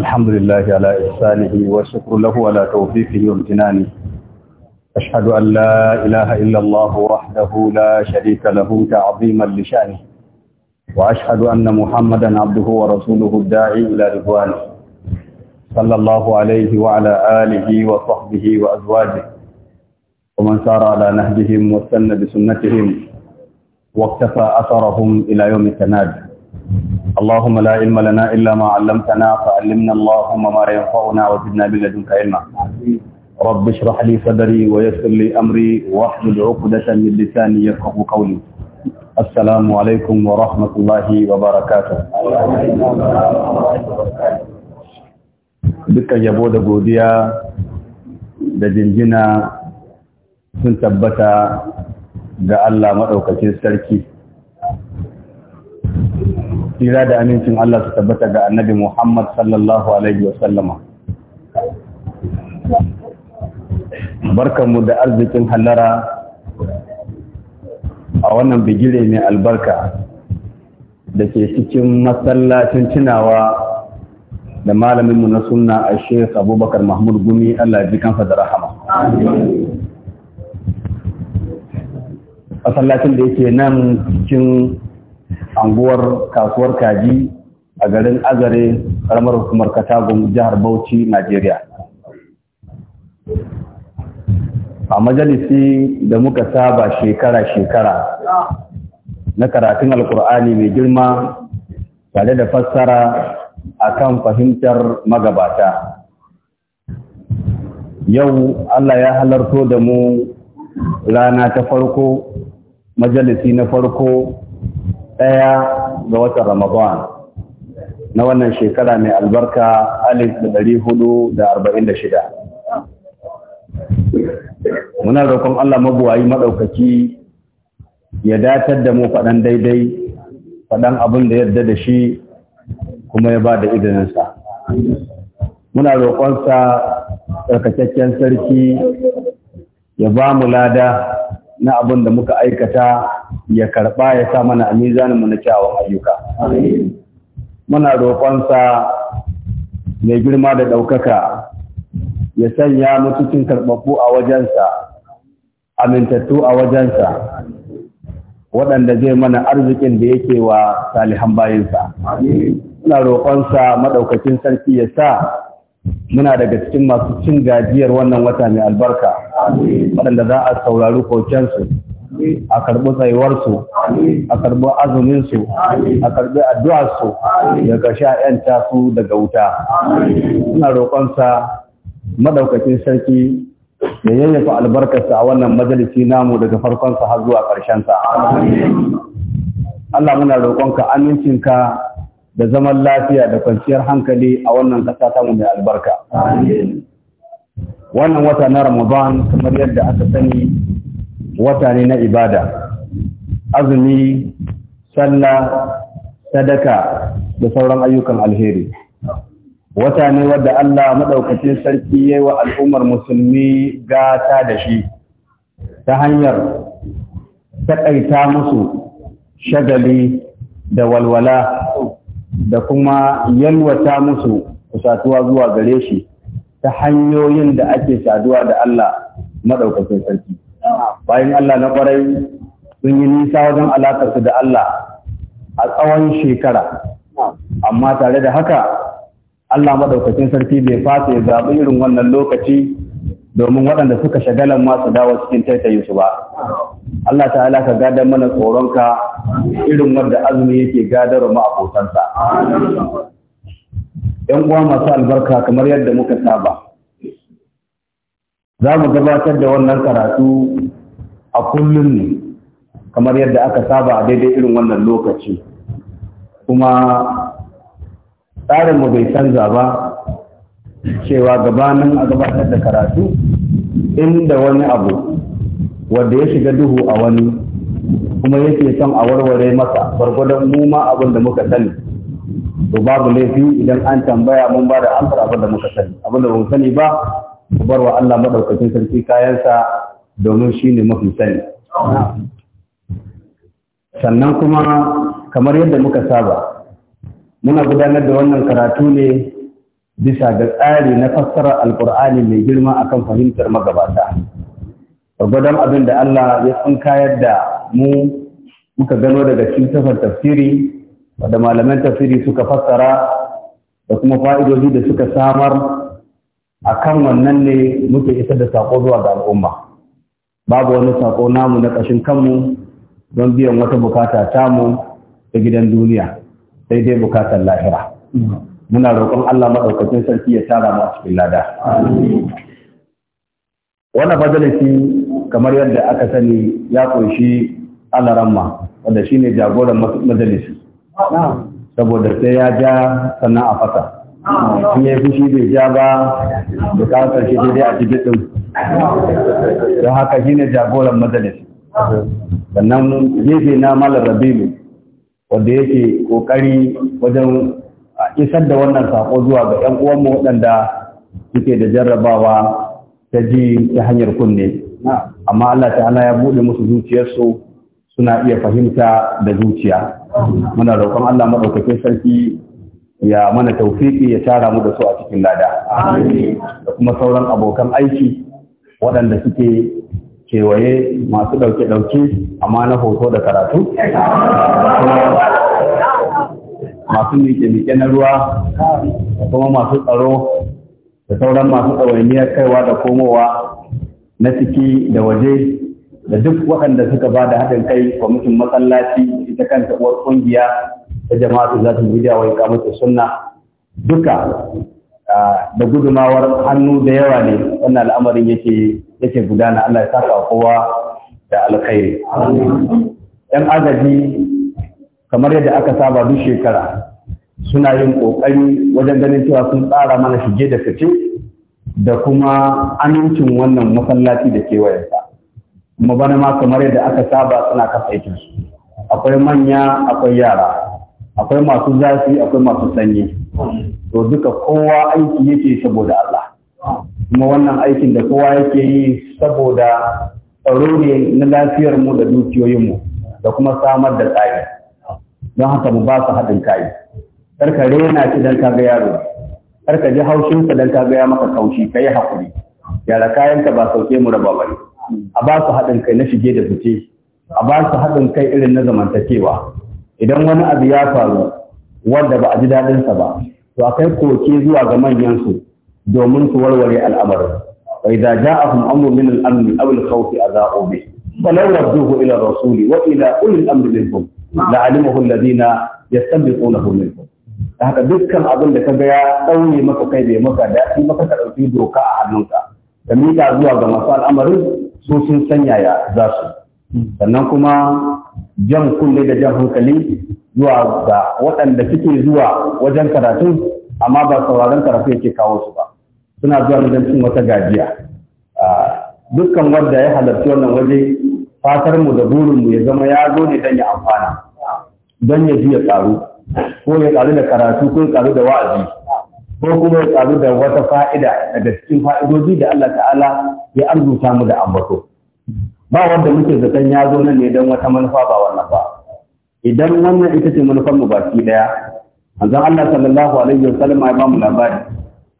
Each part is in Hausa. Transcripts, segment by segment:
الحمد لله على إحسانه وشكر له على توفيقه وامتنانه أشهد أن لا إله إلا الله وحده لا شريك له تعظيما لشأنه وأشهد أن محمدا عبده ورسوله الداعي إلى رضوانه صلى الله عليه وعلى آله وصحبه وأزواجه ومن سار على نهجهم واستنى بسنتهم واكتفى أثرهم إلى يوم التناد اللهم لا علم لنا إلا ما علمتنا فعلمنا اللهم ما ينفعنا وزدنا بلدنك علما رب اشرح لي صدري ويسر لي أمري واحلل عقدة من لساني يفقه قولي السلام عليكم ورحمة الله وبركاته dukkan yabo da godiya da jinjina sun tabbata ga Allah maɗaukacin sarki tsira da amincin Allah su tabbata ga annabi Muhammad sallallahu Alaihi wasallama. Barkanmu da arzikin hallara a wannan bigire mai albarka da ke cikin masallacin tunawa da malaminmu na sunna a Sheikh Abubakar Mahmud Gumi Allah ji kansa da rahama. Masallacin da yake nan cikin anguwar kasuwar kaji a garin azare karamar hukumar katagun jihar bauchi najeriya a majalisi da muka saba shekara-shekara na karatun alkur'ani mai girma tare da fassara a kan fahimtar magabata yau allah ya halarto da mu rana ta farko majalisi na farko ɗaya ga watan Ramadan na wannan shekara mai albarka alif da ɗari hudu da arba'in da shida. Muna roƙon Allah mabuwayi maɗaukaki ya datar da mu faɗan daidai, faɗan abin da yarda da shi kuma ya ba da idaninsa. Muna roƙonsa tsarkakakken sarki ya ba mu lada na abin da muka aikata ya karɓa ya sa mana a mizaninmu na kyawun ayyuka. Muna roƙonsa mai girma da ɗaukaka ya sanya mutucin karɓaɓɓu a wajensa, amintattu a wajensa, waɗanda zai mana arzikin da yake wa salihan bayansa. Muna roƙonsa maɗaukacin sarki ya sa muna daga cikin masu cin gajiyar wannan wata mai albarka. waɗanda za a saurari kokensu a karɓi tsayuwarsu a karɓi azuminsu a karɓi addu'arsu ya ƙarshe a ‘yanta su daga wuta suna roƙonsa maɗaukacin sarki da yayyafa albarkarsa a wannan majalisi namu daga farkonsa har zuwa ƙarshensa Allah muna roƙonka amincinka da zaman lafiya da kwanciyar hankali a wannan ƙasa ta mu mai albarka. wannan wata na ramadan kamar yadda aka sani wata ne na ibada azumi sallah sadaka da sauran ayyukan alheri wata ne wadda Allah madaukakin sarki yayi wa al'ummar musulmi gata da shi ta hanyar taƙaita musu shagali da walwala da kuma yalwata musu kusatuwa zuwa gare shi ta hanyoyin da ake saduwa da Allah madaukakin sarki bayan Allah na kwarai sun yi nisa wajen su da Allah a tsawon shekara amma tare da haka Allah madaukakin sarki bai fasa ya zaɓi irin wannan lokaci domin waɗanda suka shagalan masu dawo cikin taitayi su ba. Allah ta'ala ka gadar mana tsoronka irin wanda azumi yake gadar gadarwa abokansa. ‘Yan uwa masu albarka kamar yadda muka saba, za mu gabatar da wannan karatu a kullum ne kamar yadda aka saba a daidai irin wannan lokaci kuma tsarinmu bai canza ba cewa gabanin a gabatar da karatu inda wani abu wanda ya shiga duhu a wani kuma yake son a warware masa gwargwadon mu ma abin da muka sani to babu laifi idan an tambaya mun ba da amsar abin da muka sani abin da ba sani ba ku bar wa Allah maɗaukacin sarki kayansa domin shi ne mafi sani sannan kuma kamar yadda muka saba muna gudanar da wannan karatu ne bisa ga tsari na fassarar alkur'ani mai girma akan fahimtar magabata Gwadon abin da Allah ya tsinkayar da mu muka gano daga cikin tafsiri wadda malaman tafsiri suka fassara da kuma fa'idodi da suka samar a kan wannan ne muke isar da saƙo zuwa ga al'umma babu wani saƙo namu na ƙashin kanmu don biyan wata bukata tamu ta gidan duniya sai dai bukatar lahira muna roƙon Allah maɗaukacin sarki ya tara mu cikin lada wannan majalisi kamar yadda aka sani ya ƙunshi alaramma wanda shine jagoran majalisi saboda sai ya ja sannan a fasa in ya fushi bai ja ba bukatar shi dai a cikin ɗin don haka shi ne jagoran majalis sannan gefe na malar rabilu wanda yake kokari wajen isar da wannan sako zuwa ga 'yan uwanmu waɗanda suke da jarrabawa ta ji ta hanyar kunne amma Allah ta'ala ya buɗe musu zuciyarsu suna iya fahimta da zuciya muna roƙon Allah maɗaukakin sarki ya mana taufiki ya tara mu da su a cikin lada da kuma sauran abokan aiki waɗanda suke kewaye masu ɗauke-ɗauke amma na hoto da karatu masu miƙe-miƙe na ruwa da kuma masu tsaro da sauran masu ɗawainiyar kaiwa da komowa na ciki da waje da duk waɗanda suka ba da haɗin kai kwamitin masallaci ita kanta uwar ƙungiya ta jama'atu za ta bidiya wa ikamatu sunna duka da gudumawar hannu da yawa ne wannan al'amarin yake yake gudana Allah ya saka kowa da alkhairi yan agaji kamar yadda aka saba duk shekara suna yin kokari wajen ganin cewa sun tsara mana shige da fice da kuma amincin wannan masallaci da kewayensa kuma bana ma kamar yadda aka saba suna kafa aikinsu akwai manya akwai yara akwai masu zafi akwai masu sanyi to duka kowa aiki yake saboda Allah kuma wannan aikin da kowa yake yi saboda tsaro ne na lafiyar mu da dukiyoyinmu da kuma samar da tsari don haka mu ba su haɗin kai karka rena shi dan kaga yaro karka ji haushin ka dan kaga ya maka kaushi kai hakuri yara kayanka ka ba sauke mu raba bane a ba su haɗin kai na shige da fice a ba su haɗin kai irin na zamantakewa idan wani abu ya faru wanda ba a ji daɗinsa ba to akai koke zuwa ga manyan su domin su warware al'amarin wa idza ja'ahum amru min al-amn aw al-khawf adha'u bi falaw radduhu ila rasuli wa ila ulil amri minhum la'alimahu alladhina yastanbiqunahu minhum da haka dukkan abin da kaga ya ɗauye maka kai bai maka daɗi maka ka ɗauki doka a hannunka da miƙa zuwa ga masu al'amarin su sun sanyaya za su sannan kuma jan kulle da jan hankali zuwa ga waɗanda suke zuwa wajen karatu amma ba sauraron karatu yake kawo su ba suna zuwa wajen cin wata gajiya dukkan wanda ya halarci wannan waje fatar mu da burin mu ya zama ya zo ne don ya amfana don ya ji ya karu ko ya karu da karatu ko ya karu da wa'azi ko kuma ya karu da wata fa'ida daga cikin fa'idodi da Allah ta'ala ya arzuta mu da ambato ba wanda muke zaton ya zo nan ne don wata manufa ba wannan ba idan wannan ita ce manufar mu baki daya manzon Allah sallallahu alaihi wasallam ya ba mu labari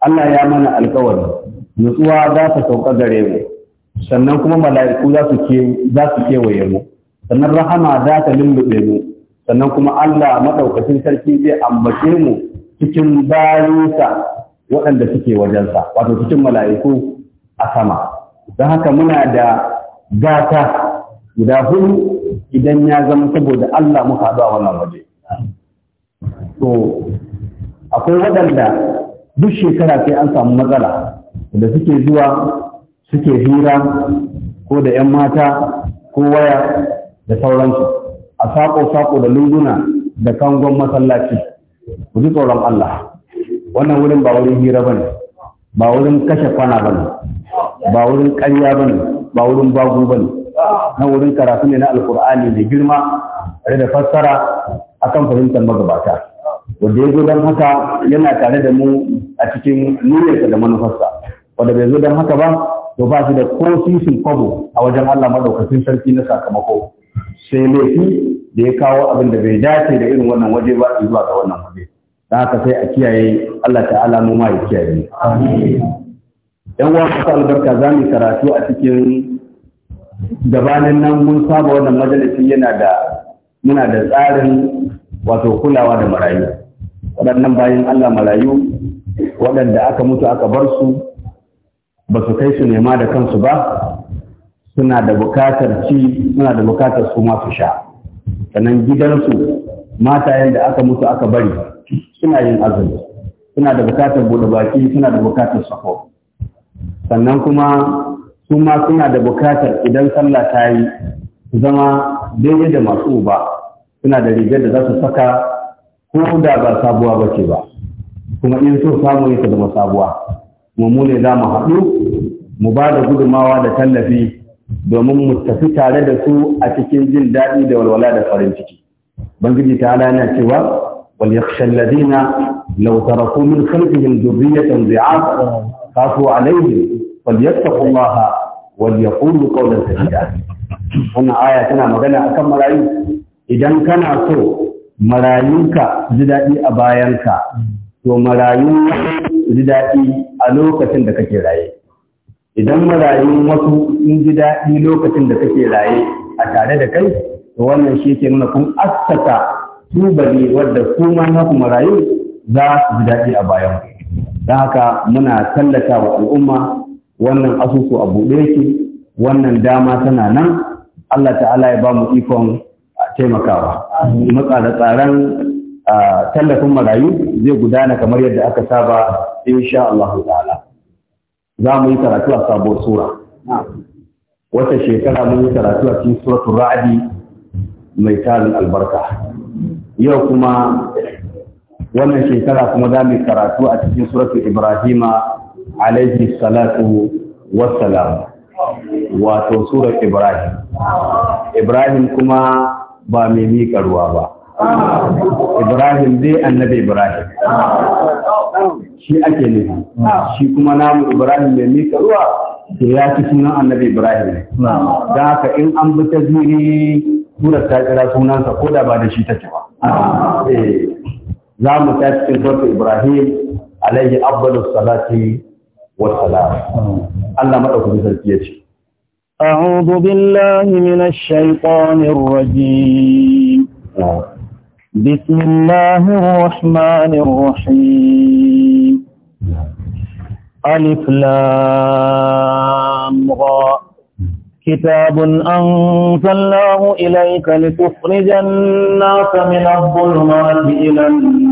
Allah ya mana alƙawari nutsuwa za ta sauka gare mu sannan kuma mala'iku za su ke za su kewaye mu sannan rahama za ta lulluɓe mu sannan kuma Allah madaukakin sarki zai ambace mu cikin bayansa waɗanda suke wajensa wato cikin mala'iku a sama don haka muna da gata guda hudu idan ya zama saboda Allah muka haɗu a wannan waje. To, akwai waɗanda duk shekara sai an samu matsala da suke zuwa suke hira ko da ‘yan mata ko waya da sauransu a saƙo-saƙo da lunguna da kangon masallaci. Ku ji tsoron Allah, wannan wurin ba wurin hira ba ne, ba wurin kashe kwana ba ne, ba wurin ƙarya ba ne, ba wurin bagu ba ne na wurin karatu ne na alkur'ani mai girma tare da fassara akan fahimtar magabata wanda ya zo don haka yana tare da mu a cikin nuna da manufarsa wanda bai zo don haka ba to ba shi da ko sisin kwabo a wajen Allah maɗaukacin sarki na sakamako sai laifi da ya kawo abin da bai dace da irin wannan waje ba zuwa ga wannan waje da haka sai a kiyaye Allah ta'ala mu ma ya kiyaye yan uwa masu albarka za mu karatu a cikin gabanin nan mun saba wannan majalisi yana da muna da tsarin wato kulawa da marayu waɗannan bayan Allah marayu waɗanda aka mutu aka bar su ba su kai su nema da kansu ba suna da bukatar ci suna da bukatar su masu sha sannan gidansu mata da aka mutu aka bari suna yin azumi suna da bukatar buɗe baki suna da bukatar sako sannan kuma su ma suna da bukatar idan sallah ta yi zama daidai da masu uba suna da rigar da za su saka ko da ba sabuwa ba ce ba kuma in so samu ne ta zama sabuwa mu za mu haɗu mu ba da gudumawa da tallafi domin mu tafi tare da su a cikin jin daɗi da walwala da farin ciki bangiji ta ala yana cewa wal yakhsha alladhina law taraku min khalfihim dhurriyatan dhi'afa kafu alaihim falyattaqullaha wal yaqul qawlan sadida wannan aya tana magana akan marayu idan kana so marayunka ji daɗi a bayanka to marayu ji daɗi a lokacin da kake raye idan marayun wasu sun ji daɗi lokacin da kake raye a tare da kai to wannan shi ke nuna kun assaka tubali wadda kuma naku marayu za su ji daɗi a bayanku Da haka muna tallata wa al'umma wannan asusu a buɗe yake wannan dama tana nan Allah ta'ala ya ba mu ikon taimakawa matsa tsaron tallafin marayu zai gudana kamar yadda aka saba sha Allah ta'ala za mu yi karatu a sabuwar sura wata shekara mun yi karatu a cikin suratun ra'adi mai tarin albarka yau kuma wannan shekara kuma za mu karatu a cikin suratul ibrahima alaihi salatu wassalam wato surar ibrahim ibrahim kuma ba mai miƙa ruwa ba ibrahim zai annabi ibrahim shi ake nufi shi kuma namu ibrahim mai miƙa ruwa da ya fi sunan annabi ibrahim don haka in an bi ta zuri surar ta kira sunansa ko da ba da shi ta ci ba eh. نعم mu ta إبراهيم عليه أفضل الصلاة والسلام salati wa salam. أعوذ بالله من الشيطان الرجيم نعم. بسم الله الرحمن الرحيم نعم. ألف لام غاء كتاب أنزلناه إليك لتخرج الناس من الظلمات إلى النور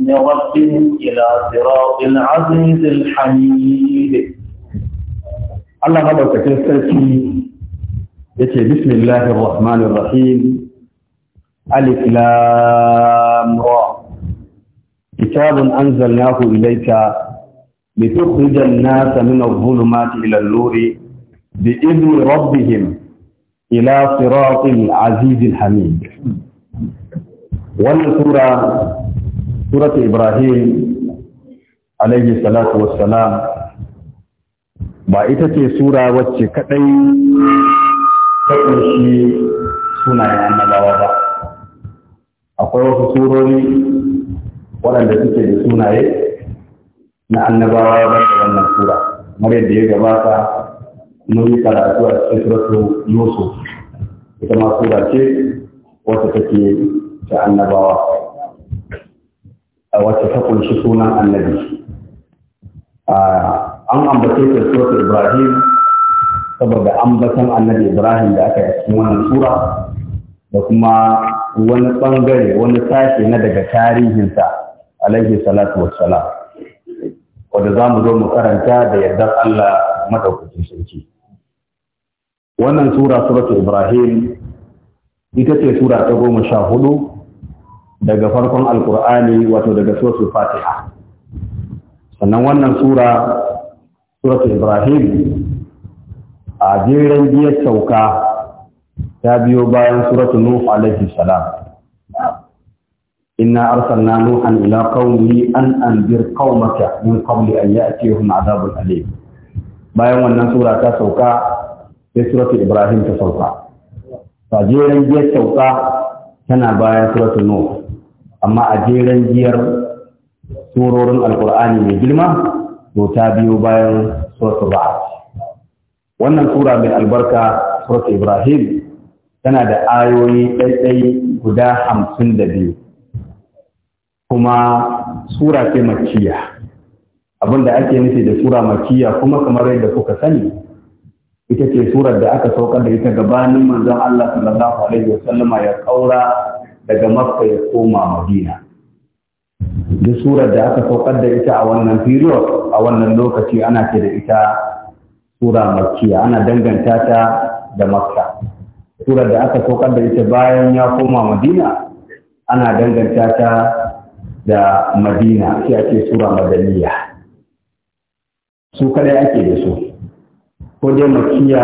بإذن ربهم إلى صراط العزيز الحميد الله هذا كتير يتي بسم الله الرحمن الرحيم ألف لام را كتاب أنزلناه إليك لتخرج الناس من الظلمات إلى النور بإذن ربهم إلى صراط العزيز الحميد والسورة سورة إبراهيم عليه الصلاة والسلام ba ita ce sura wacce kadai ta kunshi sunayen annabawa ba akwai wasu surori waɗanda suke da sunaye na annabawa ba da wannan sura kamar yadda ya gabata mun yi karatu a cikin suratu yusuf ita ma sura ce wacce take ta annabawa wacce ta kunshi sunan annabi an ambace ta surat ibrahim saboda ambatan annabi ibrahim da aka yi cikin wannan sura da kuma wani bangare wani sashe na daga tarihinsa alaihi salatu salam Wadda za mu zo mu karanta da yardar Allah madaukakin sarki wannan sura suratul ibrahim ita ce sura ta goma sha hudu daga farkon alkur'ani wato daga suratul fatiha sannan wannan sura suratul ibrahim a jiran biyar sauka ta biyo bayan suratul nuh alaihi salam inna arsalna nuhan ila qaumi an anzir qaumaka min qabli an ya'tihum adhabun alim bayan wannan sura ta sauka sai suratul ibrahim ta sauka ta jiran biyar sauka tana bayan suratul nuh amma a jeren jiyar surorin alkur'ani mai girma to ta biyo bayan suratul ra'd wannan sura mai albarka suratul ibrahim tana da ayoyi ɗaiɗai guda hamsin da biyu kuma sura ce makiya abinda ake nufi da sura makiya kuma kamar yadda kuka sani ita ce surar da aka saukar da ita gabanin manzon Allah sallallahu alaihi wasallama ya ƙaura. daga makka ya koma madina duk surar da aka saukar da ita a wannan period a wannan lokaci ana ce da ita sura makkiya ana danganta ta da makka surar da aka saukar da ita bayan ya koma madina ana danganta ta da madina sai ake sura madaniya su kadai ake da su ko dai makkiya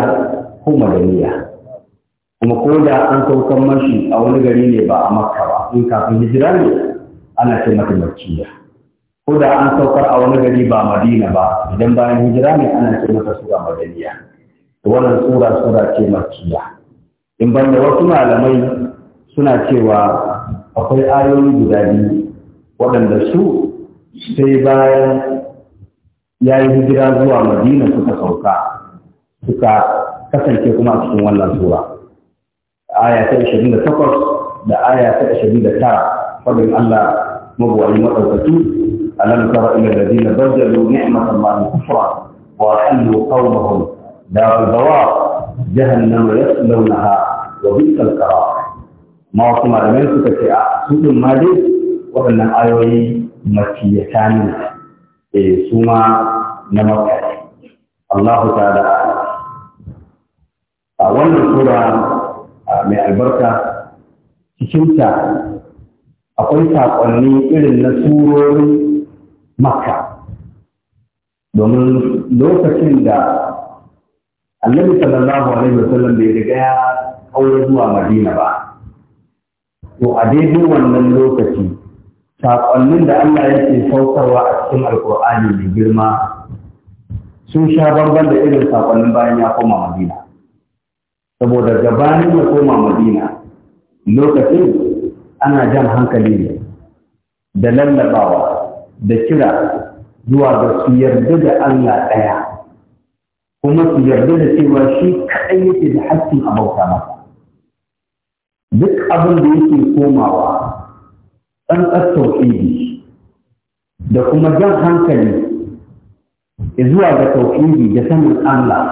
ko madaniya kuma ko da an saukan mashi a wani gari ne ba a makka ba in kafin hijira ne ana ce mata makkiya ko da an saukar a wani gari ba madina ba idan bayan hijira ne ana ce mata sura madaniya wannan sura sura ce makkiya in ban da wasu malamai suna cewa akwai ayoyi guda biyu waɗanda su sai bayan ya yi hijira zuwa madina suka sauka suka kasance kuma a cikin wannan sura aya ta 28 da takwas da aya ta da tara fadin Allah magwayi a nan tara ila alladhina badalu ni'matallahi kufra wa halu qawmahum dar dawar jahannama yaslawnaha wa bi'sal qarar ma wasu malamai suka ce a su mali ma dai waɗannan ayoyi makiyata ne eh su ma na makka Allah da a wannan sura mai albarka cikinta akwai saƙonni irin na surorin makka domin lokacin da annabi sallallahu alaihi wasallam bai riga ya aure zuwa madina ba to a daidai wannan lokaci saƙonnin da Allah yake saukarwa a cikin alkur'ani mai girma sun sha bamban da irin saƙonnin bayan ya koma madina saboda gabanin ya koma madina lokacin ana jan hankali ne da lallabawa da kira zuwa ga su yarda da Allah ɗaya kuma su yarda da cewa shi kaɗai yake da haƙƙin a bauta masa duk abin da yake komawa ɗan tauhidi da kuma jan hankali zuwa ga tauhidi da sanin Allah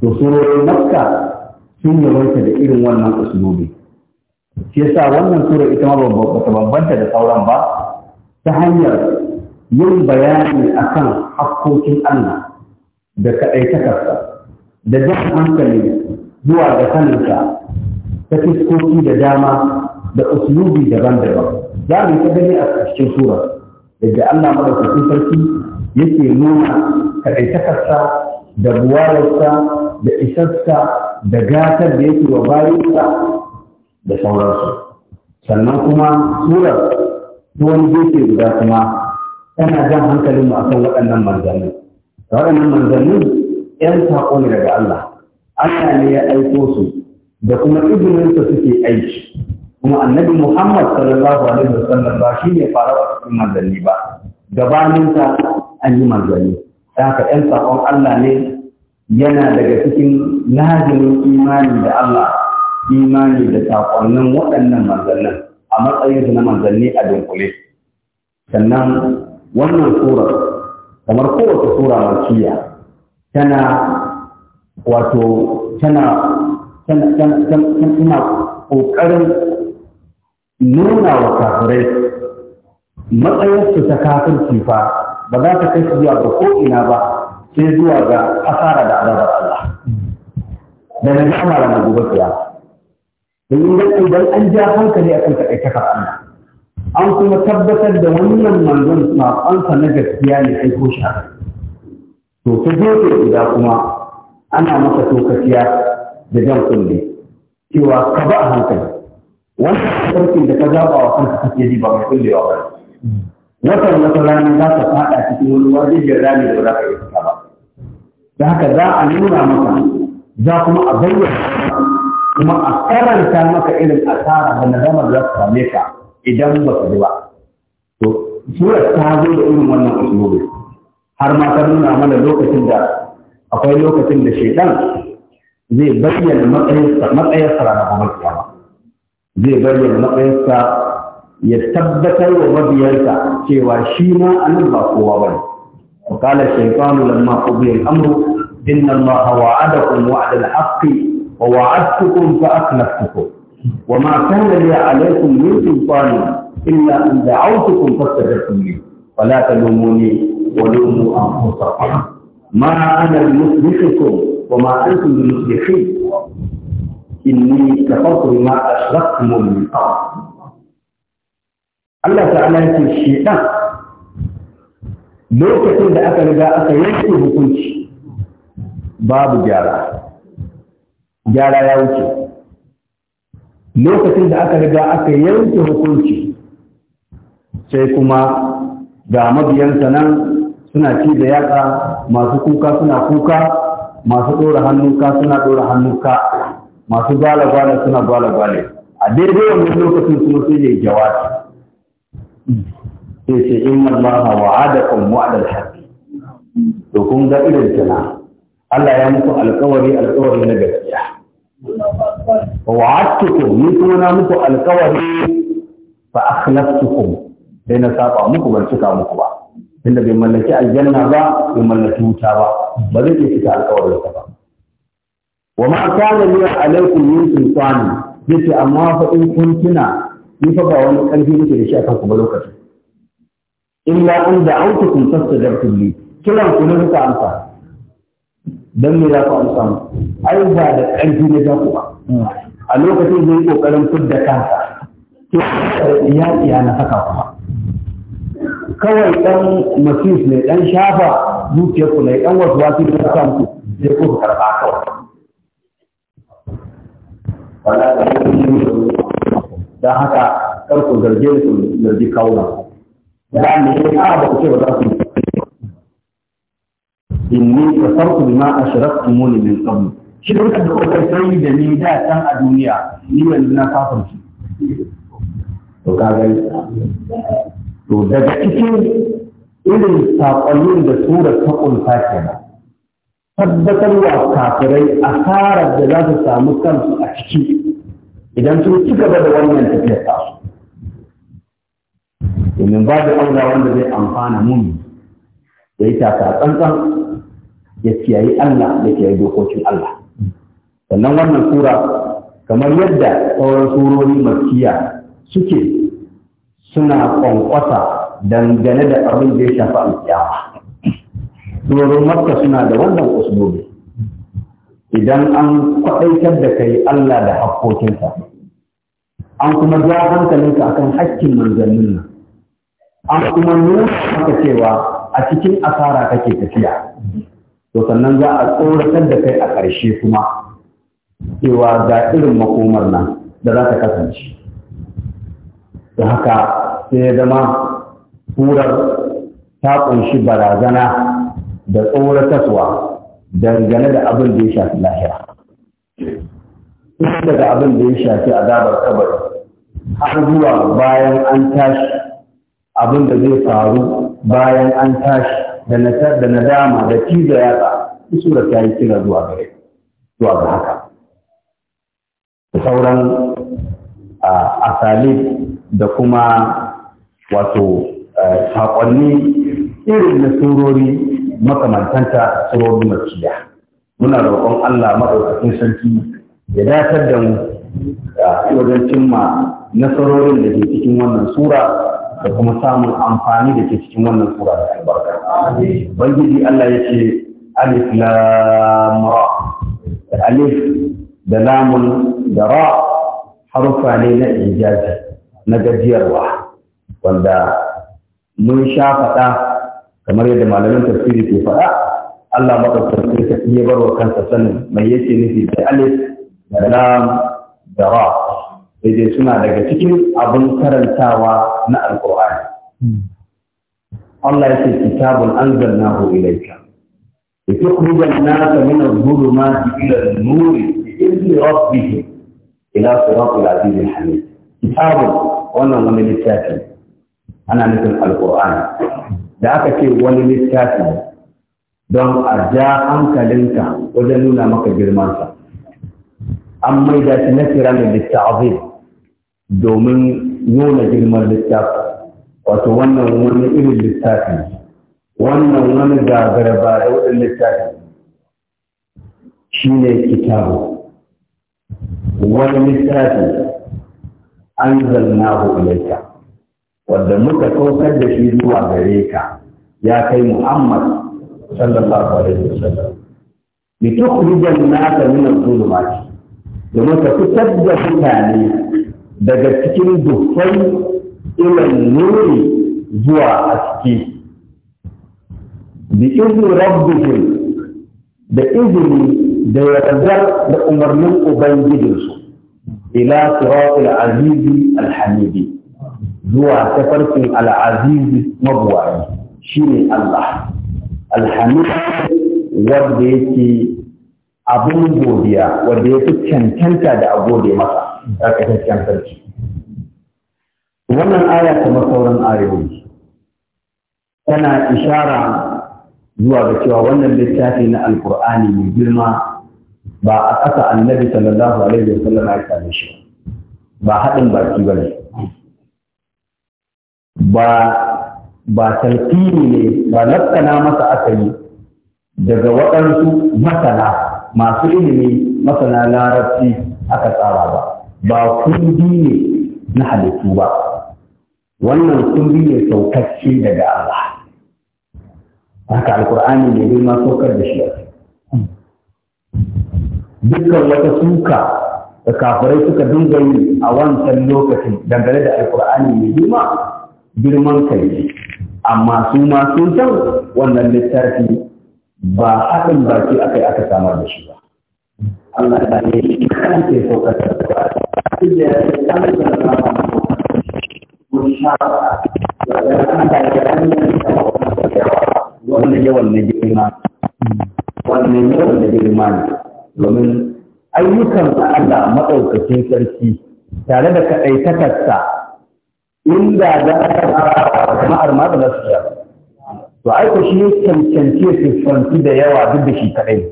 to surorin makka sun wanke da irin wannan usulobi shi yasa wannan sura ita ma bata bambanta da sauran ba ta hanyar yin bayani akan hakkokin Allah da kaɗaitakarsa da jan hankali zuwa ga saninsa ta fiskoki da dama da usulobi daban-daban za mu ta gani a cikin sura Daga Allah madaukakin sarki yake nuna kaɗaitakarsa da buwararsa da isasta da gatar da yake wa bayansa da sauransu sannan kuma surar ta wani gefe guda kuma tana jan hankalin mu akan waɗannan manzanni waɗannan manzanni ‘yan saƙo ne daga Allah Allah ne ya aiko su da kuma izininsa suke aiki kuma annabi muhammad sallallahu alaihi wasallam ba shi ne fara a cikin manzanni ba gabaninsa an yi manzanni ta haka yan saƙon allah ne yana daga cikin lazimin imani da Allah imani da sakonnin waɗannan manzannin a matsayinsu na manzanni a dunkule sannan wannan sura kamar kowace sura makiya tana wato tana tana ƙoƙarin nuna wa kafirai matsayinsu ta kafin fa ba za ta kai su zuwa ga ko'ina ba sai zuwa ga asara da azabar Allah da na ga amara na gobe kiyama domin idan an ja hankali akan takaitakar Allah an kuma tabbatar da wannan manzon saƙonsa na gaskiya ne aiko shi to ta gefe guda kuma ana masa tokaciya da jan kulle cewa ka ba a hankali wannan sarkin da ka zaɓa wa kanka kake ji ba mai kullewa ba watan wata rana za ta faɗa cikin wani wajen rami da ba za ka yi fita ba da haka za a nuna maka za kuma a bayyana kuma a karanta maka irin asara da zama za su same ka idan ba ka ji ba to sura ta zo da irin wannan usulubi har ma ta nuna mana lokacin da akwai lokacin da shaitan zai bayyana matsayinsa ranar gobe kiyama zai bayyana matsayinsa ya tabbatar wa mabiyarsa cewa shi ma anan ba kowa bane وقال الشيطان لما قضي الأمر إن الله وعدكم وعد الحق ووعدتكم فأخلفتكم وما كان لي عليكم من سلطان إلا أن دعوتكم فاستجبتم لي فلا تلوموني ولوموا أنفسكم ما أنا بمصلحكم وما أنتم بمصلحين إني كفرت بما أشركتم من قبل الله تعالى في الشيطان lokacin da aka riga aka yanke hukunci babu gyara gyara ya wuce lokacin da aka riga aka yanke hukunci sai kuma ga mabiyansa nan suna ci da yatsa masu kuka suna kuka masu ɗora ka suna ɗora ka, masu gwale-gwale suna gwale-gwale a daidai wannan lokacin kuma sai ya jawabi sai ce inna allaha wa'adakum wa'dal haqqi to kun ga irin tana Allah ya muku alƙawari alƙawari na gaskiya wa'adtukum ni kuma na muku alƙawari fa akhlaftukum sai na saba muku ban cika muku ba Inda bai mallaki aljanna ba bai mallaki wuta ba ba zai iya cika alƙawarin ba wa ma kana li alaikum min sultani yace amma fa in kun tuna ni fa ba wani ƙarfi nake da shi akan ku ba lokacin illa an da an ku kun fasta da kulli kiran ku ne kuka amsa dan me za ku amsa ai ba da ƙarfi ne za ku ba a lokacin zai kokarin fudda kansa to ya iya na haka kuma kawai dan masif ne dan shafa zuciyar ku ne dan wasu wasu da kan ku sai ku karba kawai wala da haka kar ku zarge ku zargi kawunan za mu yi a ba ku ce ba za ku yi inni kafartu bima ashraktumuni min qabl shi duka da kuka sai da ni da san a duniya ni yanzu na kafarci to ka ga to daga cikin irin sakonnin da sura ta kunta kenan tabbatarwa kafirai asarar da za su samu kansu a ciki idan sun ci gaba da wannan tafiyar domin ba da aula wanda zai amfana muni ya ita taka tsantsan ya kiyayi Allah ya kiyayi dokokin Allah sannan wannan sura kamar yadda sauran surori makiya suke suna kwankwasa dangane da abin da ya shafi alƙiyama surorin makka suna da wannan usulubi idan an kwaɗaitar da kai Allah da hakkokinsa an kuma ja hankalinka akan haƙƙin manzannin nan an kuma nuna maka cewa a cikin asara kake tafiya to sannan za a tsoratar da kai a ƙarshe kuma cewa ga irin makomar nan da za ta kasance da haka sai ya zama turar ta ƙunshi barazana da tsoratarwa dangane da abin da ya shafi lahira daga abin da ya shafi azabar kabari har zuwa bayan an tashi abin da zai faru bayan an tashi da nasar da nadama da cizo su sura ta yi kira zuwa gare zuwa ga haka da sauran asalin da kuma wato sakonni irin na surori makamantanta surori makiya muna roƙon Allah maɗaukakin sarki ya datar da mu wajen cimma nasarorin da ke cikin wannan sura da kuma samun amfani da ke cikin wannan sura da albarka ubangiji Allah ya ce alif lam ra da alif da lamun da ra harufa ne na ijazi na gajiyarwa wanda mun sha faɗa kamar yadda malamin tafsiri ke faɗa Allah maɗaukar ya ka iya bar kansa sanin mai yake nufi da alif da lam da ra sai dai suna daga cikin abin karantawa na alƙur'ani. Allah ya ce, "Kitabun an zanna ku ilaika, da ta kuma zanna ta nuna zuru ma su ila nuri, ilmi rabbihi, ila su rabu da azizi hannu." Kitabun wannan wani littafi, ana nufin alƙur'ani. Da aka ce wani littafi don a ja hankalinka wajen nuna maka girmansa. An mai shi na kira ne littafi. domin nuna girman littafi wato wannan wani irin littafi wannan wani gagara ba da wadin littafi shi ne kitabu wani littafi an zalna ilaika wadda muka saukar da shi zuwa gare ka ya kai muhammad sallallahu alaihi wasallam tukhrijan nasa min adh-dhulumati domin ka fitar da mutane daga cikin dufai ilan nuri zuwa haske bi izini rabbihim da izini da yardar da umarnin ubangijinsu ila siratul azizi alhamidi zuwa tafarkin al'azizi mabuwayi shi ne Allah alhamidi wanda yake abin godiya wanda ya fi cancanta da a gode masa tsarkakakken sarki wannan aya ta sauran ayoyi tana ishara zuwa ga cewa wannan littafi na alkur'ani mai girma ba a ƙasa annabi sallallahu alaihi wa sallam ya same shi ba haɗin baki ba ne ba ba talfini ne ba lattana masa aka yi daga waɗansu masana masu ilimi masana larabci aka tsara ba ba kundi ne na halittu ba wannan kundi ne saukacce daga Allah haka alkur'ani ne girma saukar da shi dukkan wata suka da kafirai suka dinga yi a wancan lokacin dangane da alkur'ani mai girma girman kai amma su ma sun san wannan littafi ba haɗin baki akai aka samar da shi ba Allah ta yi kan ke so ka tabbata duk da ya ce san da sama mun sha da an da ya san da wannan yawan na girma wannan yawan na girma ne domin ayyukan Allah madaukakin sarki tare da kaɗaitakarsa inda za a wasu. ma da za su to ai ko shi ya cancanci siffanci da yawa duk da shi kadai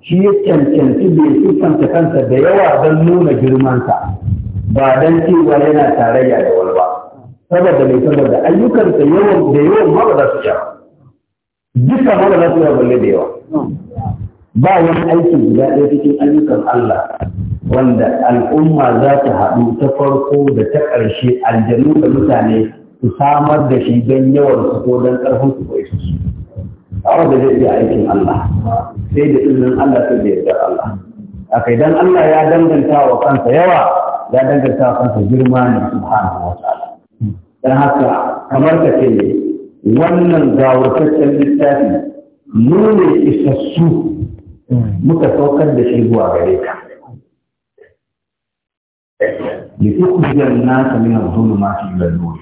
shi ya cancanci da kansa da yawa don nuna girmansa ba don cewa yana tarayya da wani ba saboda mai saboda ayyukansa yawan da yawan ma ba za su yawa duka ma ba za su yawa balle da yawa ba wani aikin guda ɗaya cikin ayyukan Allah wanda al'umma za ta haɗu ta farko da ta ƙarshe aljanu da mutane su samar da shi don yawan su ko don karfin su bai su a wanda zai iya aikin Allah sai da izinin Allah sai da yardar Allah a kai dan Allah ya danganta wa kansa yawa ya danganta wa kansa girma ne subhanahu wa ta'ala dan haka kamar ka ce wannan gawurtaccen littafi mu ne isassu muka saukar da shi zuwa gare ka لتخرج الناس من الظلمات الى النور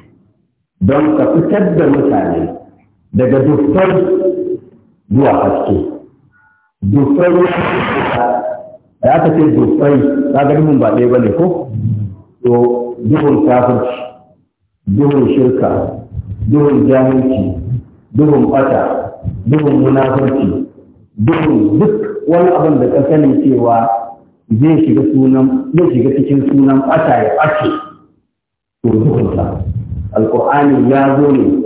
don ka fitar da mutane daga dukkan zuwa haske dukkan ya da aka ce dukkan ta garmin ba ɗaya ba ne ko to duhun kafirci duhun shirka duhun jahilci duhun bata duhun munafurci duhun duk wani abin da ka sani cewa zai shiga sunan cikin sunan bata ya ake to duhun sa alƙur'ani ya zo ne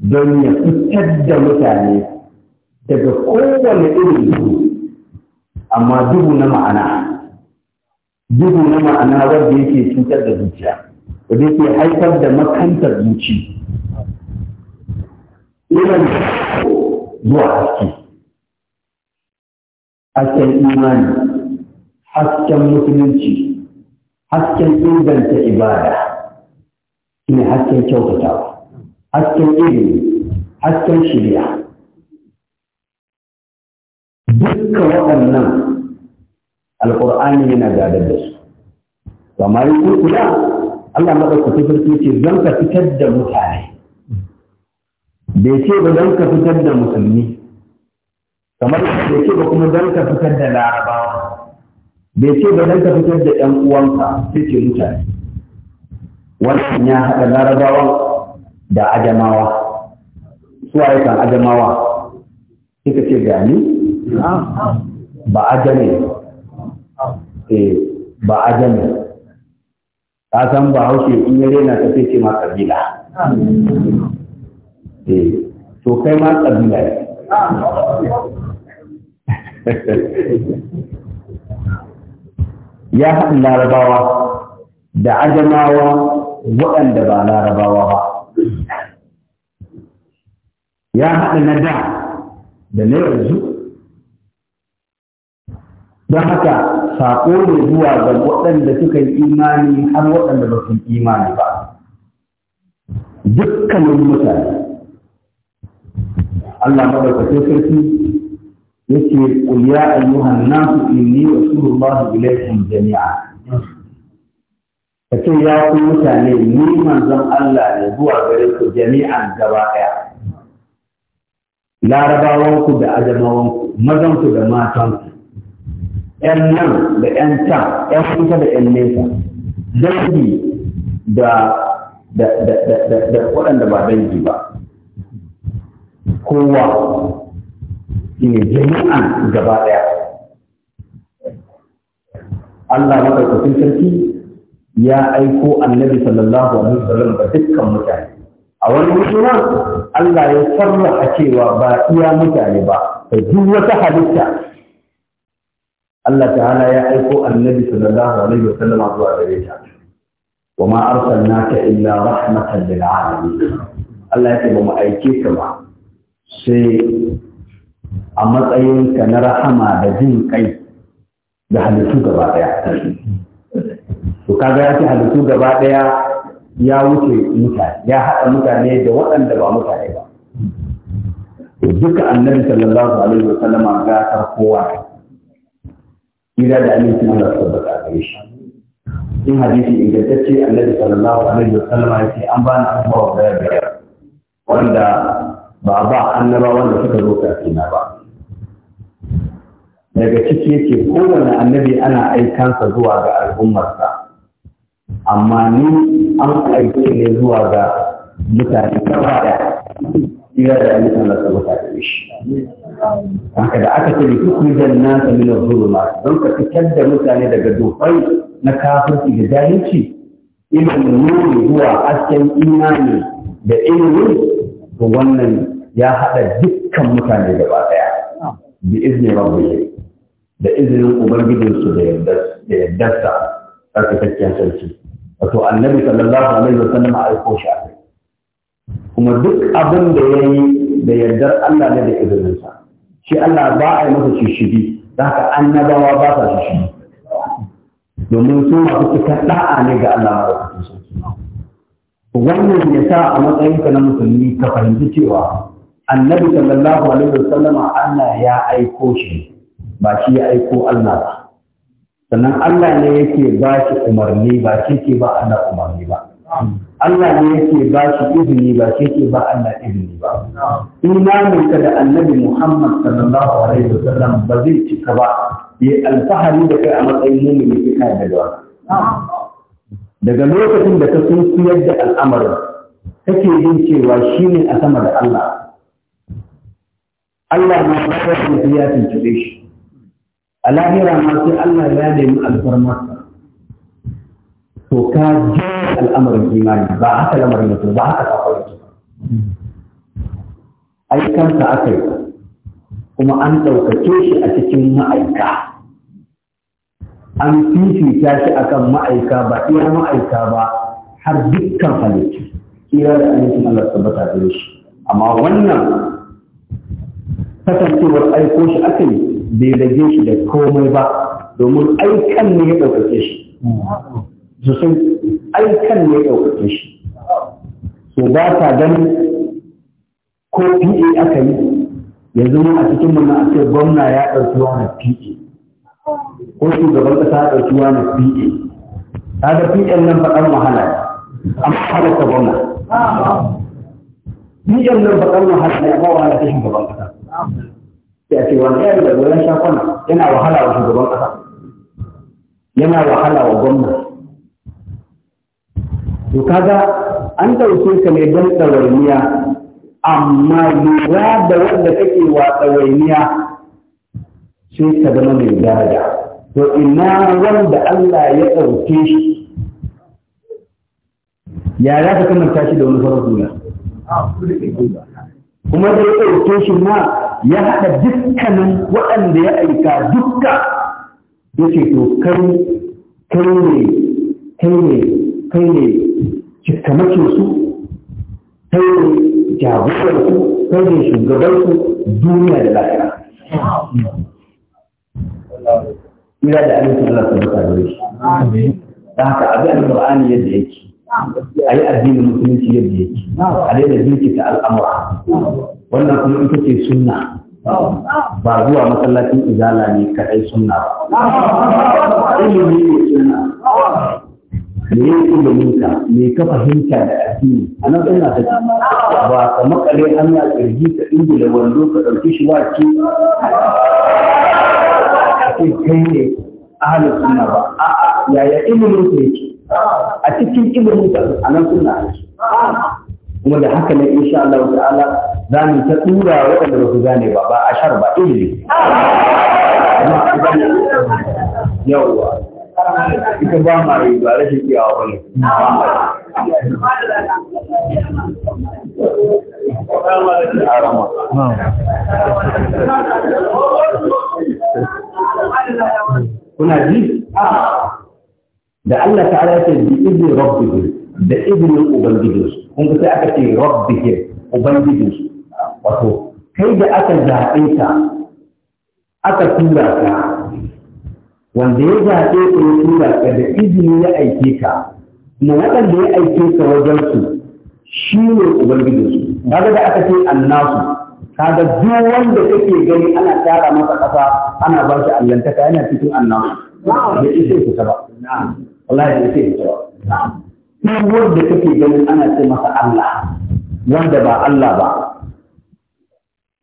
don ya fitar da mutane daga kowane irin duhu amma duhu na ma'ana duhu na ma'ana wanda yake cutar da zuciya wanda yake haifar da makantar zuci irin zuwa haske hasken imani hasken musulunci hasken inganta ibada ne hasken kyautatawa hasken ilimi hasken shirya dukkan waɗannan alƙur'ani yana gadar da su kamar da, Allah ta sarki ce zan ka fitar da mutane bai ce ba zan ka fitar da musulmi kamar bai ce ba kuma zan ka fitar da larabawa bai ce ba zan ka fitar da ‘yan uwanka sai ce mutane wannan ya haɗa larabawan da ajamawa su ayyukan ajamawa suka ce gani ba ajame eh ba ajame ka san ba haushe in ya rena ka ce ma kabila eh to kai ma kabila ne ya haɗa larabawa da ajamawa waɗanda ba larabawa ba ya haɗa na da da na yanzu don haka saƙo ne zuwa ga waɗanda suka yi imani har waɗanda ba su imani ba dukkanin mutane Allah sai sarki yake qul ya ayyuhan nasu inni rasulullah ilaykum jami'a ka ce ya ku mutane ni manzon Allah ne zuwa gare ku jami'an gaba ɗaya larabawanku da mazan ku da matan ku, ‘yan nan da ‘yan can ‘yan kusa da ‘yan nesa dangi da waɗanda ba dangi ba kowa ne jami'an gaba ɗaya Allah maɗaukakin sarki ya aiko annabi sallallahu alaihi wasallam ga dukkan mutane a wani mutumin Allah ya a cewa ba iya mutane ba da duk wata halitta Allah ta'ala ya aiko annabi sallallahu alaihi wasallam zuwa gare ta wa ma arsalnaka illa rahmatan lil alamin Allah ya ce ba mu aike ka ba sai a matsayinka na rahama da jin kai da halittu gaba daya to kaga ya ce halittu gaba ɗaya ya wuce mutane ya haɗa mutane da waɗanda ba mutane ba duka annabi sallallahu alaihi wa sallama ga kowa ira da aminci Allah su baka gare shi in hadisi ingantacce annabi sallallahu alaihi wa sallama ya ce an ba ni abubuwa guda biyar wanda ba ba annaba wanda suka zo kafina ba daga ciki yake kowane annabi ana aikansa zuwa ga al'ummarsa amma ni an aiki ne zuwa ga mutane gaba da tsira da ayyukan da suka tafi shi haka da aka ce duk kujan na sami na don ka fitar da mutane daga dubai na kafirci da jahilci ina nuni zuwa asken imani da ilimi to wannan ya haɗa dukkan mutane gaba ɗaya bi izni rabbi da izinin ubangijinsu da yardarsa tsarkakakken sarki wato annabi sallallahu alaihi wa sallam a aiko shi a kuma duk abin da ya yi da yardar Allah ne da izininsa shi Allah ba a yi masa shishiri, za ka annabawa ba sa shishiri. domin su masu cikar ɗa'a ne ga Allah maɗaukakin sarki wannan ya sa a matsayinka na musulmi ka fahimci cewa annabi sallallahu alaihi wa sallama Allah ya aiko shi ba shi ya aiko Allah ba sannan Allah ne yake ba shi umarni ba shi ke ba Allah umarni ba Allah ne yake ba shi izini ba shi ke ba Allah izini ba ka da annabi Muhammad sallallahu alaihi wasallam ba zai cika ba ya alfahari da kai a matsayin mumini kika da dawa daga lokacin da ka sun suyar da al'amarin kake yin cewa shi ne a sama da Allah Allah ma ba ya tuntuɓe shi a lahira ma sai Allah ya nemi alfarmarsa to ka ji al'amarin imani ba haka lamarin mutum ba haka kawai mutum aikansa aka yi kuma an ɗaukace shi a cikin ma'aika an fifita shi akan ma'aika ba iya ma'aika ba har dukkan halittu kira da amincin Allah tabbata da shi amma wannan kasancewar aiko shi aka yi bai rage shi da komai ba domin aikan ne ya ɗaukake shi sun aikan ne ya ɗaukake shi so ba ta gani ko PA aka yi yanzu zama a cikin mun a ce gwamna ya ɗauki wani PA ko shugaban ƙasa ya ɗauki wani PA ga PA nan faɗan wahala amma halatta gwamna PA nan faɗan wahala ne amma wahala ta gaban ƙasa sai ce wani yaro da goyon yana wahala wa shugaban kasa yana wahala wa gwamna to kaga an ɗauke ka ne don ɗawainiya amma lura da wanda kake wa tsawainiya sai ka zama mai daraja to ina wanda Allah ya ɗauke shi ya za ka kamanta shi da wani kula? kuma da ya ɗauke shi ma ya haɗa dukkanin waɗanda ya aika dukka ya ce to kai kai ne kai ne kai ne cikamakin su kai ne jagorar su kai ne shugaban su duniya da lafiya. ina da amincin Allah su baka da shi da haka abin Qur'ani yadda yake a yi addinin musulunci yadda yake a daina jinkita al'amura wannan kuma ita ce sunna ba zuwa masallacin izala ne kaɗai sunna ba ilimi ne sunna me ya yi iliminka me ka fahimta da addini a nan ɗaya ta ce ba ka makare an ya ƙirji ka ingila wando ka ɗauki shi ba ce a ce kai ne ahalin sunna ba a'a yaya ilimin ku yake a cikin ilimin ka a nan sunna ake kuma da haka ne insha Allah ta'ala za mu ta tura waɗanda ba su gane ba ba ashar ba ilimi yawwa ita ba ma yi ba rashin iyawa ba ne kuna ji da Allah ta'ala ya ce bi izni rabbihim da izinin ubangijinsu kun ga sai aka ce rabbihim ubangijinsu wato kai da aka zaɓe ka aka tura ka wanda ya zaɓe ka ya tura ka da izini ya aike ka kuma waɗanda ya aike ka wajen su shi ne ubangijinsu Ba da aka ce annasu kaga duk wanda kake gani ana tara masa ƙasa, ana ba shi allantaka yana cikin annasu. da ishe ku ta ba wallahi da ishe ku ta ba duk wanda kake gani ana ce masa Allah wanda ba Allah ba musamman da Yana Yanzu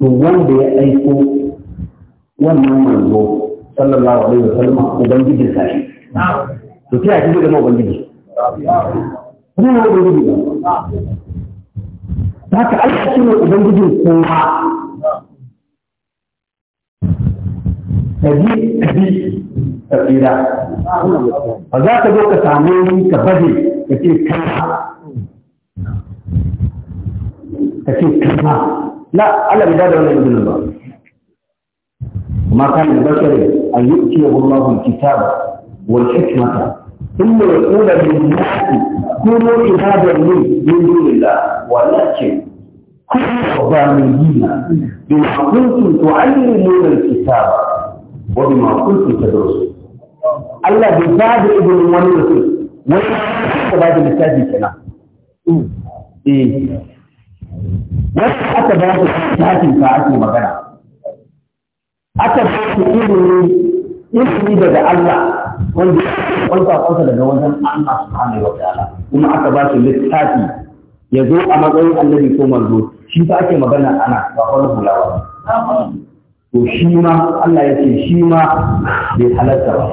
wanda ya aiko wannan manzo sallallahu alaihi wasallam ubangijin sa To ta yake da ubangiji? Ruwa Ubangiji. Za ka aiki shi ne Ubangijin kowa. Kaji, kaji, ka tsira. Ba za ka zo ka samu ka baje ka ce kai تكيف كلمة لا ألا بداية ولا يبدل الله وما كان لبشر أن يؤتيه الله الكتاب والحكمة ثم يقول للناس كونوا عبادا لي من دون الله ولكن كونوا ظالمين بما كنتم تعلمون الكتاب وبما كنتم تدرسون Allah bai ba da izinin wani mutum wani aka ba da littafi kenan. Eh. Wani aka ba da littafin ka ake magana. Aka ba da ilimi ilimi daga Allah wanda ya daga wajen Allah subhanahu wa ta'ala kuma aka ba shi littafi ya zo a matsayin annabi ko manzo shi fa ake magana ana ba kwallo hulawa to shi ma Allah ya ce shi ma bai halatta ba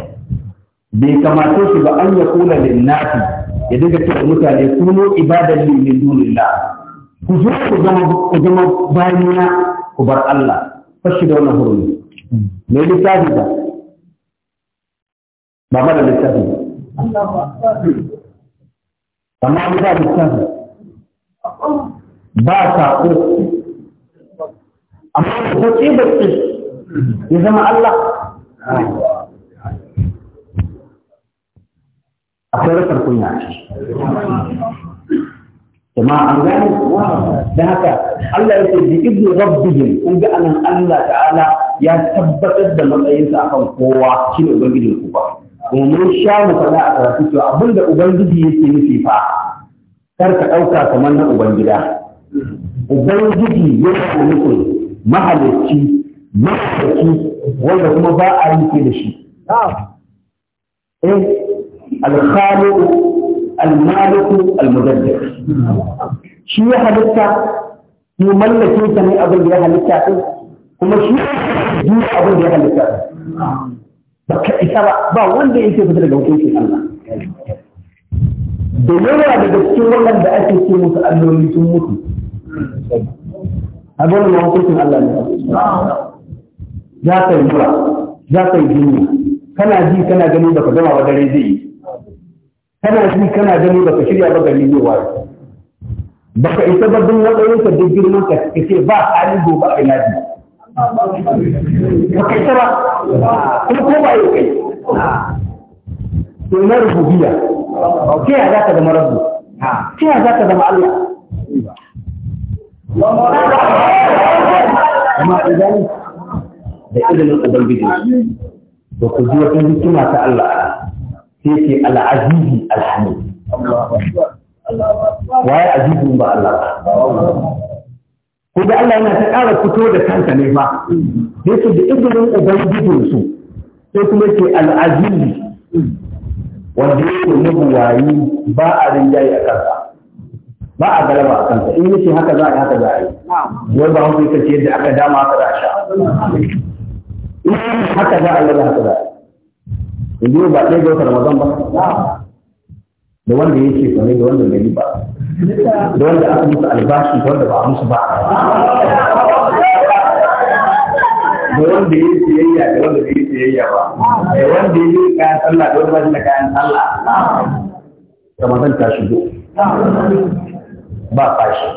bai kamata shi ba an ya kula linnati ya daga cikin mutane kuno ibadalli min dunillah ku zo ku zama ku zama bayina ku bar Allah fashi da wannan hurumi me littafi ba ba mara littafi amma an ba littafi ba saƙo amma da sauƙi ba ce ya zama Allah akwai rasar kunya جماعة عندهم ده الله يقول بإذن ربهم إن أن الله تعالى يثبت الدم أي ساعة قوة كل ku ba. da ya sha mu faɗa a karatu cewa abinda ubangiji yake nufi fa kar ka ɗauka kamar na ubangida ubangiji yana nufin mahalicci mahalicci wanda kuma ba a yi da shi eh alkhaliq almalik almudabbir shi ya halitta shi mallake ne abin da ya halitta kuma shi abin da ya halitta baka isa ba ba wanda yake fita daga hukuncin Allah da yawa daga cikin wannan da ake ce musu alloli sun mutu a gwanin ma hukuncin Allah ne za ka yi mura za ka yi jinya kana ji kana gani baka gama ba dare zai yi kana ji kana gani baka shirya ba gari zai waye baka isa ba duk waɗansu da girman ka ce ba hali gobe a ina ba kai ba kuma ko ba yi kai to na rububiya ke ya za ka zama rabu ke ya za ka zama Allah amma idan da ilimin ubangiji Ba ku ji wata hikima ta Allah sai ke al'azizi alhamid waye azizin ba Allah ba ko da Allah yana ta ƙara fito da kanka ne fa yake da izinin ubangijin su sai kuma ke al'azizi wanda yake mabuwayi ba a rinjaye a kansa ba a galaba a kansa in yake haka za a yi haka za a yi wai ba hukun kace yadda aka dama haka za a sha in haka za a yi haka za a yi yi ba ɗaya ga wata ramadan ba da wanda yake kwanai da wanda bai yi ba da wanda aka musu albashi da wanda ba a musu ba da wanda ya yi siyayya da wanda bai yi siyayya ba da wanda ya yi kayan sallah da wanda ba shi da kayan sallah ramadan ta shigo ba fashi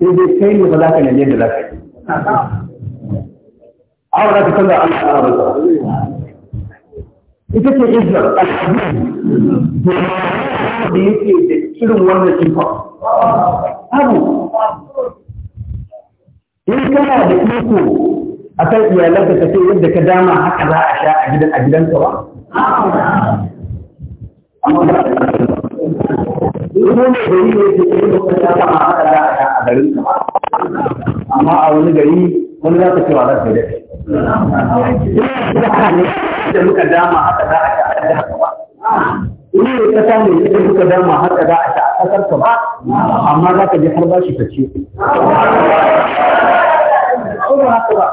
sai dai kai ne ba za ka nemi yadda za ka yi a wadda ka sallah an sa'a ba ita ce izza da yake da irin wannan ikon abu in kana da iko a kan iyalanka ka ce yadda ka dama haka za a sha a gidan a ba ne gari ne ke yi da kuma a haka za a sha a amma a wani gari wani za ce wa za yi da Ina da hannu a ta a da haka ba. Ina da kasa ne da muka dama haka za a ta a kasar ka ba, amma za ka je har ba shi ka ce. Kuma haka ba.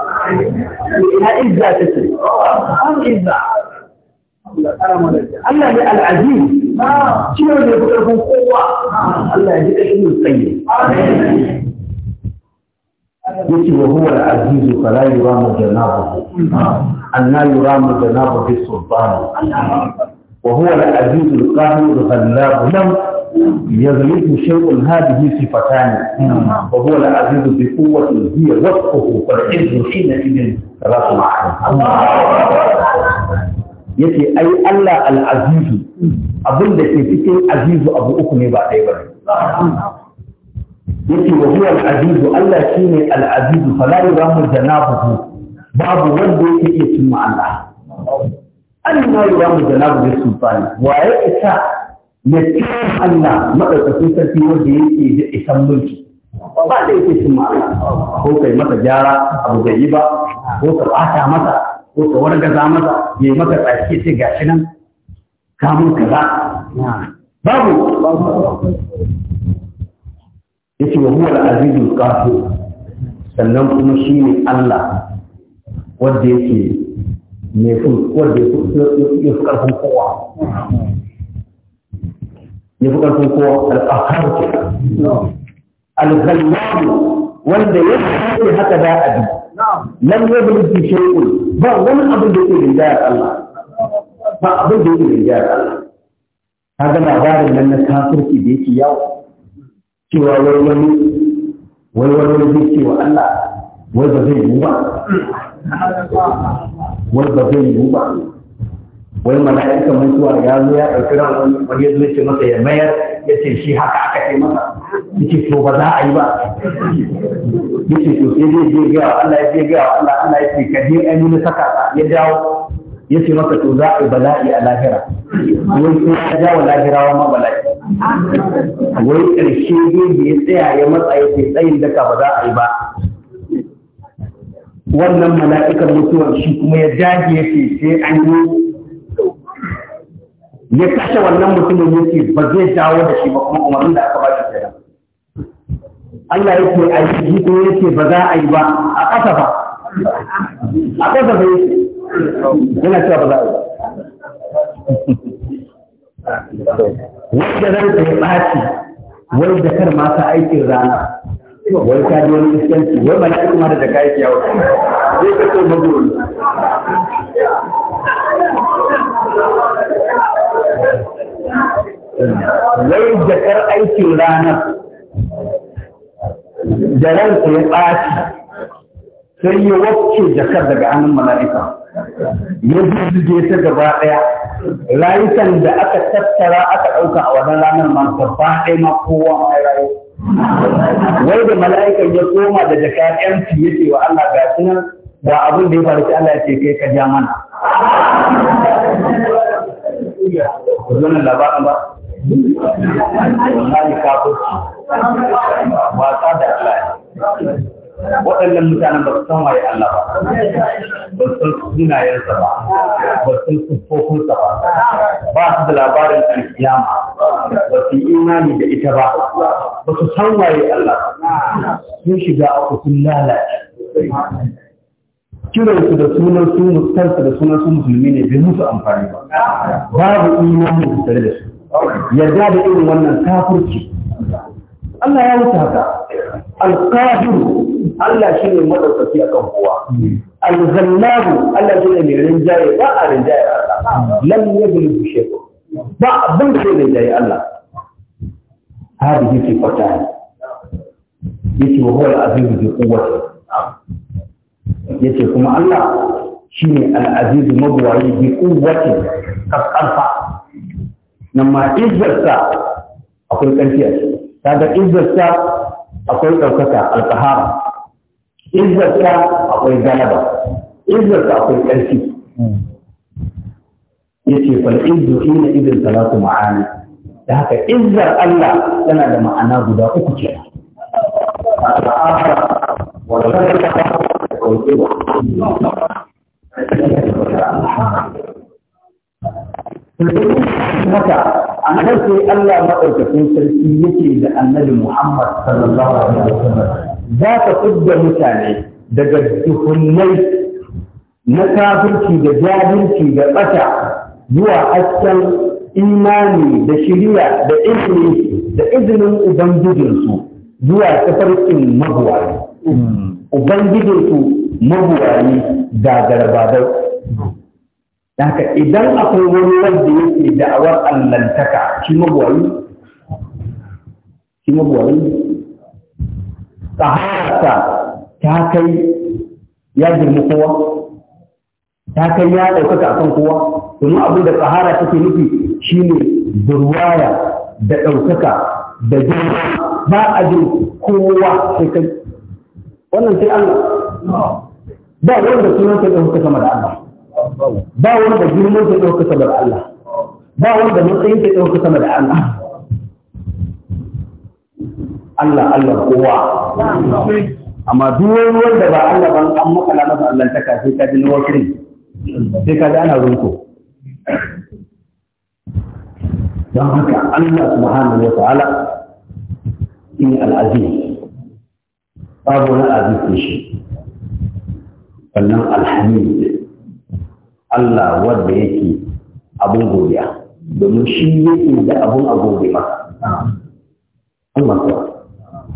Ina izza ta ce. An izza. Allah ne al'aziz, ciwon da ya fi ƙarfin kowa, Allah ya ji ƙashin tsaye. yake wa huwa al-azizu fala yuramu janabuhu anna yuramu janabuhu bi sultan wa huwa al-azizu al-qahir al-ghallab lam يغلب شيء هذه صفتان وهو العزيز بقوة هي وصفه فالعز حينئذ ثلاث معاني yake ai Allah al'azizu abun da ke cikin azizu abu uku ne ba ɗaya ba yake wa huwa al-azizu Allah shine al-azizu fala yuramu janabuhu babu wanda yake iya cimma Allah Allah yuramu janabu bi sultani wa ya isa ya cimma Allah madaukakin sarki wanda yake da isan mulki ba da yake cimma Allah ko kai masa jara abu bai yi ba ko ka bata masa ko ka wargaza masa yayi maka tsaki sai gashi nan kamun kaza babu yace wa huwa al-azizul qahhar sannan kuma shi ne Allah wanda yake mai kun wanda ya fi karfin kowa ya fi karfin kowa al-qahhar ke al-ghallab wanda ya fi haka da abi lam yablugh shay'un ba wani abin da yake rinjayar Allah ba abin da yake rinjayar Allah kaga labarin nan na kafirci da yake yawo cewa wani wani wani wani zai ce wa Allah wai ba zai yi ba wai ba zai yi ba wai mala'ikan mutuwa ya zo ya ɗauki ran wani wani ya zo ce masa ya mayar ya ce shi haka aka ce masa yake to ba za a yi ba yake to sai zai je gaya Allah ya je gaya Allah Allah ya ce ka je an yi saka ya dawo ya ce masa to za a yi bala'i a lahira wai sai ya dawo lahirawa ma bala'i wai ƙarshe gebe ya tsaya ya matsa ya tsayin daka ba za a yi ba wannan mala'ikan mutuwar shi kuma ya dage ya ce sai an yi ya kashe wannan mutumin ya ce ba zai dawo da shi ba kuma umarnin da aka ba shi tsaye Allah ya ce a yi ko ya ce ba za a yi ba a ƙasa ba a ƙasa ba yana cewa ba za a yi ba wanda ta ya ɓaci wai da kar ma aikin rana wai ka ji wani iskanci wai ba ki kuma da jaka yake yawo zai ka so magoro wai jakar aikin ranar da ta ya ɓaci sai ya wacce jakar daga hannun mala'ika ya zuzuge ta gaba ɗaya rayukan da aka tattara aka ɗauka a wannan ranar ma gaba ɗaya ma kowa ma rayu wai da mala'ikan ya koma da jaka yanci ya ce wa Allah ga shi nan ga abin da ya faru sai Allah ya ce kai ka ja mana wannan labarin ba wallahi ba ta da Allah waɗannan mutanen ba su san waye Allah ba ba su san sunayensa ba ba su san siffofinsa ba ba su da labarin alkiyama ba su yi imani da ita ba ba su san waye Allah ba sun shiga a kusur lalace kiransu da sunan su mutansu da sunan su musulmi ne bai musu amfani ba babu imani da tare da su yarda da irin wannan kafirci Allah ya wuce haka alqadir Allah shi ne madaukaki akan kowa alghallabu Allah shi ne mai rinjaye ba a rinjaye Allah lam yaghlibu shay'a ba abin da zai rinjaye Allah hadi yake fata yake wa huwa al-aziz bi quwwati yace kuma Allah shine al-aziz mabwayi bi quwwati kafarfa nan ma izzarsa akwai ƙarfi a ciki kaga izzarsa akwai ɗaukaka alfahara izzarsa akwai galaba izzarsa akwai ƙarfi yace fal izzu ina idin talatu ma'ani da haka izzar Allah tana da ma'ana guda uku ce haka a sai Allah maɗaukakin sarki yake da annabi Muhammad sallallahu alaihi sallam, za ka fidda mutane daga duhunnai na kafirci da jahilci da ɓata zuwa askan imani da shiriya da ilimi da izinin ubangijinsu zuwa tafarkin mabuwayi ubangijinsu mabuwayi da garbadau haka idan akwai wani wanda yake da'awar allantaka shi mabuwayi shi mabuwayi tsahararsa ta kai ya girma kowa ta kai ya ɗaukaka a kan kowa domin abin da tsahara take nufi shine durwaya da ɗaukaka da girma ba a jin kowa sai kai wannan sai Allah ba wanda sunan ta ɗaukaka sama da Allah ba wanda girman zai ɗauka sama da Allah ba wanda matsayin zai ɗauka sama da Allah Allah Allah kowa amma duk wani wanda ba Allah ban an makala masa Allah ta kashe ka ji na wakirin sai ka ji ana runko don haka Allah subhanahu wa ta'ala in al'azim babu na aziz shi sannan alhamid Allah wanda yake abun godiya domin shi yake da abun a gode Allah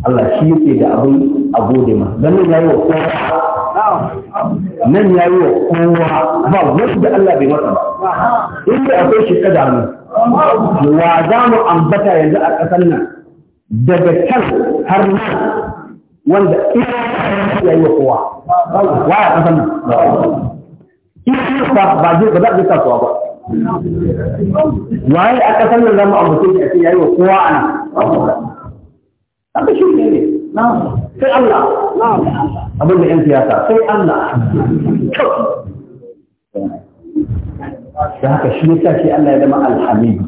Allah shi yake da abun a gode maka dan nan yayi wa kowa nan yayi wa kowa ba da Allah bai masa ba da akwai shi kada mu wa za mu ambata yanzu a ƙasar nan daga can har nan wanda ina yayi wa kowa wa a ƙasar nan ba ba je ba za a je kasuwa ba waye a kasar nan zama a mutum ya ce yayi wa kowa ana haka shi ne ne sai Allah abin da yan siyasa sai Allah da haka shi yasa shi Allah ya zama alhamid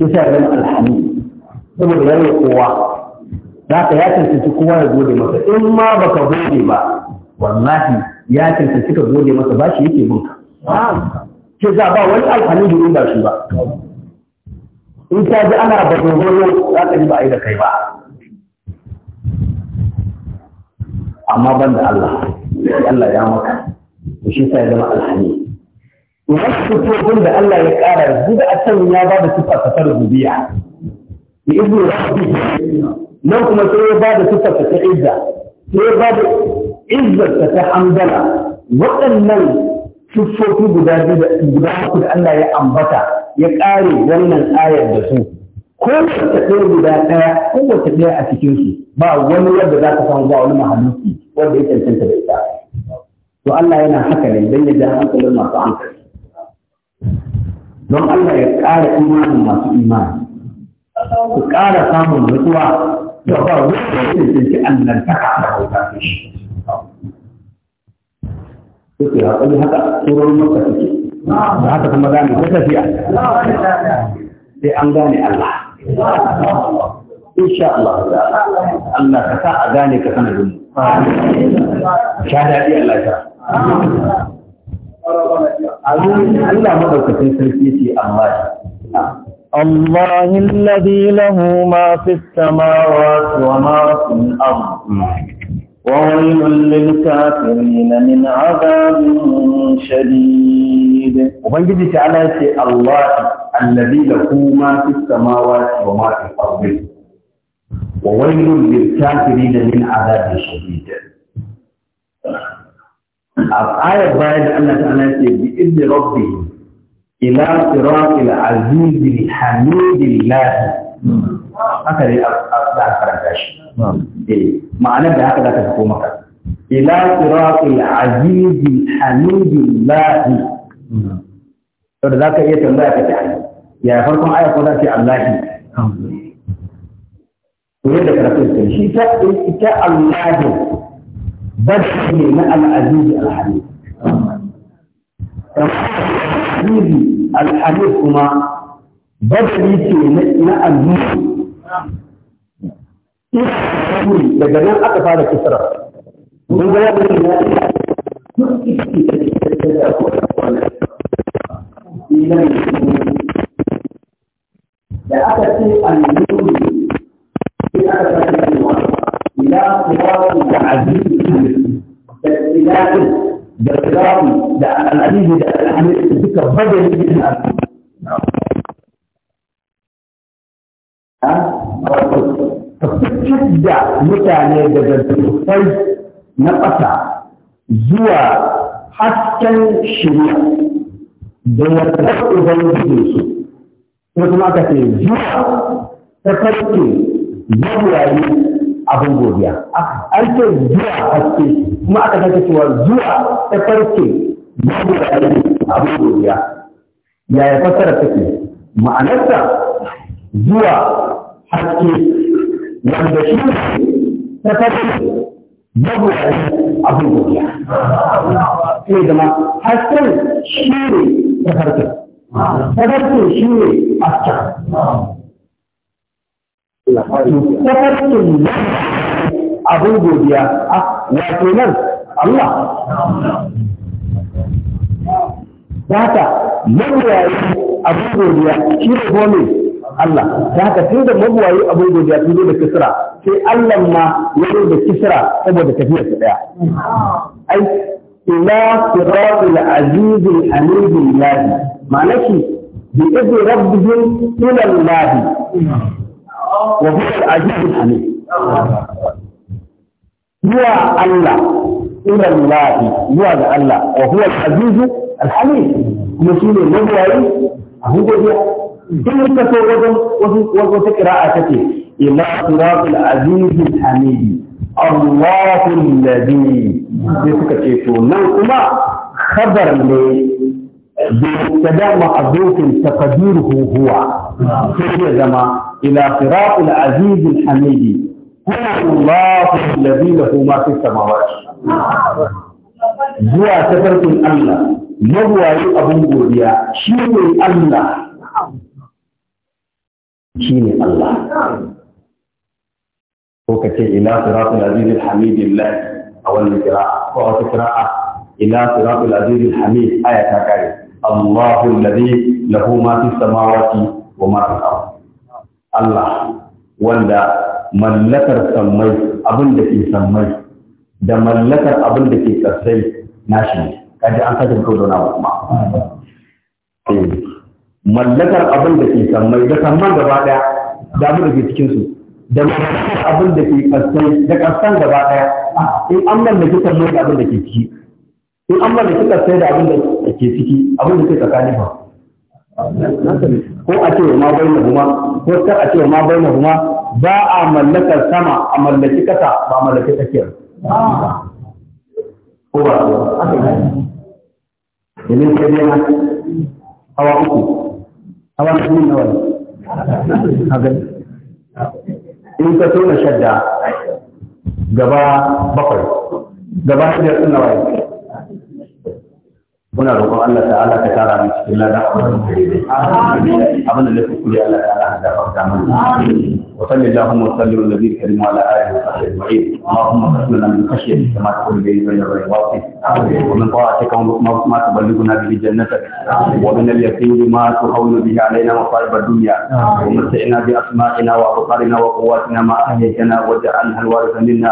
yasa ya zama alhamid saboda yayi wa kowa da haka ya tantance kowa ya gode masa in ma baka gode ba wallahi ya cancanci ka gode masa ba shi yake bunka ke za ba wani alfani da ba shi ba in ta ji ana ba dogoro za ka ji ba a yi da kai ba amma ban da Allah Allah ya maka to shi ya zama alhani wasu tofin da Allah ya ƙara zuba a can ya ba da sifa ta ta rubiya da ibnu rabbi nan kuma sai ya ba da sifa ta izza sai ya ba da izzarta ta hamdala waɗannan siffofi guda biyu da uku da Allah ya ambata ya ƙare wannan ayar da su ko wata ɗaya guda ɗaya ko wata ɗaya a cikin su ba wani wanda za ka samu ba wani mahaluki wanda ya cancanta da ita to Allah yana haka ne dan ya ja hankalin masu hankali don Allah ya ƙara imanin masu imani ku ƙara samun nutsuwa da ba wani da ya cancanci annantaka a bauta shi suke haƙuri haka turorin maka suke da haka kuma za mu ta tafiya sai an gane Allah insha Allah Allah ka sa a gane ka sanadin mu sha daɗi Allah ya Allah madaukakin sarki ce amma Allah الله الذي له ما في السماوات وما في الأرض وويل للكافرين من عذاب شديد وبنجي تعالى يقول الله الذي له ما في السماوات وما في الارض وويل للكافرين من عذاب شديد الآية بعد أن تعالى بإذن ربه إلى صراط العزيز الحميد الله haka ne za a karanta shi eh ma'anar da haka za ta fito maka ila siratil azizil hamidil lahi to da zaka iya tambaya ka ta ya farkon aya ko za ta Allahi to yadda karatu ke shi ta ita Allahi bashi ne na al-aziz al-hamid al-aziz al-hamid kuma badali ce na allu Isri daga nan aka fara kisra. Mun ga yadda ya yi duk iski da ke da ya da aka ce allu sai aka fara cewa ila kuwa da azizi da ilahin da tsirafi da al'adihi da al'amir duka badali na allu. fidda mutane daga dukkan na ƙasa zuwa hasken shirya da yardar su ko kuma aka ce zuwa ta farke yawayi abin godiya an ce zuwa haske kuma aka sake cewa zuwa ta farke yawayi abin godiya yaya fasara take ma'anarsa zuwa haske wanda shi ta tafi babu abin godiya sai zama hasken shi ne ta farko ta farko shi ne aska ta farko abin godiya wato nan Allah Zata Data, mabuwayi abin godiya shi ne gome Allah ta haka tun da mabuwayi abin godiya sun zo da kisra sai Allah ma ya zo da kisra saboda tafiyar su daya ai ila siratul azizul hamidul lahi ma'ana shi bi izni rabbihim ila lahi wa huwa al-azizul hamid zuwa Allah ila lahi zuwa ga Allah wa huwa al-azizul hamid kuma shine mabuwayi a hukumiya duk da so wajen wasu wasu qira'a take ila siratul azizil hamid Allahu alladhi sai suka ce to nan kuma khabar ne بالتدام محذوف تقديره هو في زما الى صراط العزيز الحميد هو الله الذي له ما في السماوات zuwa tafarkin Allah mabuwayi abin godiya shi ne Allah shi ne Allah ko ka ce ila siratul aziz alhamidillah a wannan kira ko a kira a ila siratul aziz hamid aya ta kare Allahu alladhi lahu ma fis samawati wa ma fil kawo. Allah wanda mallakar sammai abin da ke sammai da mallakar abin da ke karsai shi ne kaji an kaji kawai da wani kuma eh. mallakar abin da ke sammai da samman gaba daya da abin da ke cikin su da mallakar abin da ke kasai da kasan gaba daya ah, in an ke sammai da abin da ke ciki in an ke kasai da abin da ke ciki abin da ke tsakanin ba ko a ce ma bai na kuma ko kar a ce ma bai na kuma ba a mallakar sama a mallaki kasa ba a mallaki tsakiyar ko ba ko a ce ne ne hawa uku hawa ɗin nawa ne a gani in ka tona shadda gaba bakwai gaba shida ɗin nawa ne muna roƙon Allah ta'ala ka tara mu cikin ladan abin da kare dai abin da lafi kuri Allah ta'ala ka gafarta mana wa sallallahu wa sallim ala nabiyil karim wa ala alihi wa sahbihi ajma'in allahumma qsim lana min khashyatik kama taqulu bihi bayna wa wafiq wa min ta'atika ma ma tuballighuna bihi jannatak wa min al-yaqini ma tuhawlu bihi alayna masaa'ib ad-dunya wa mat'ina bi asma'ina wa absarina wa quwwatina ma ahyaytana wa ja'alna al-waritha minna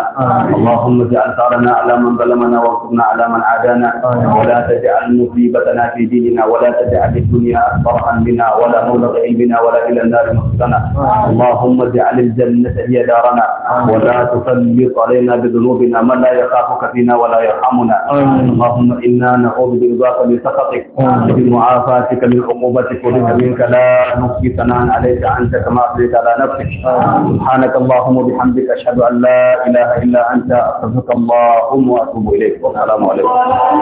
allahumma ja'al tharana ala man zalamana wa ansurna ala man adana wa la taj'al أن نصيبتنا في ديننا ولا تجعل الدنيا أكبر همنا ولا مبلغ علمنا ولا إلى النار مصيرنا اللهم اجعل الجنة هي دارنا ولا تسلط علينا بذنوبنا من لا يخافك فينا ولا يرحمنا اللهم إنا نعوذ برضاك من سخطك وبمعافاتك من عقوبتك وبك منك لا نحصي ثناء عليك أنت كما أثنيت على نفسك سبحانك اللهم وبحمدك أشهد أن لا إله إلا أنت أستغفرك اللهم وأتوب إليك والسلام عليكم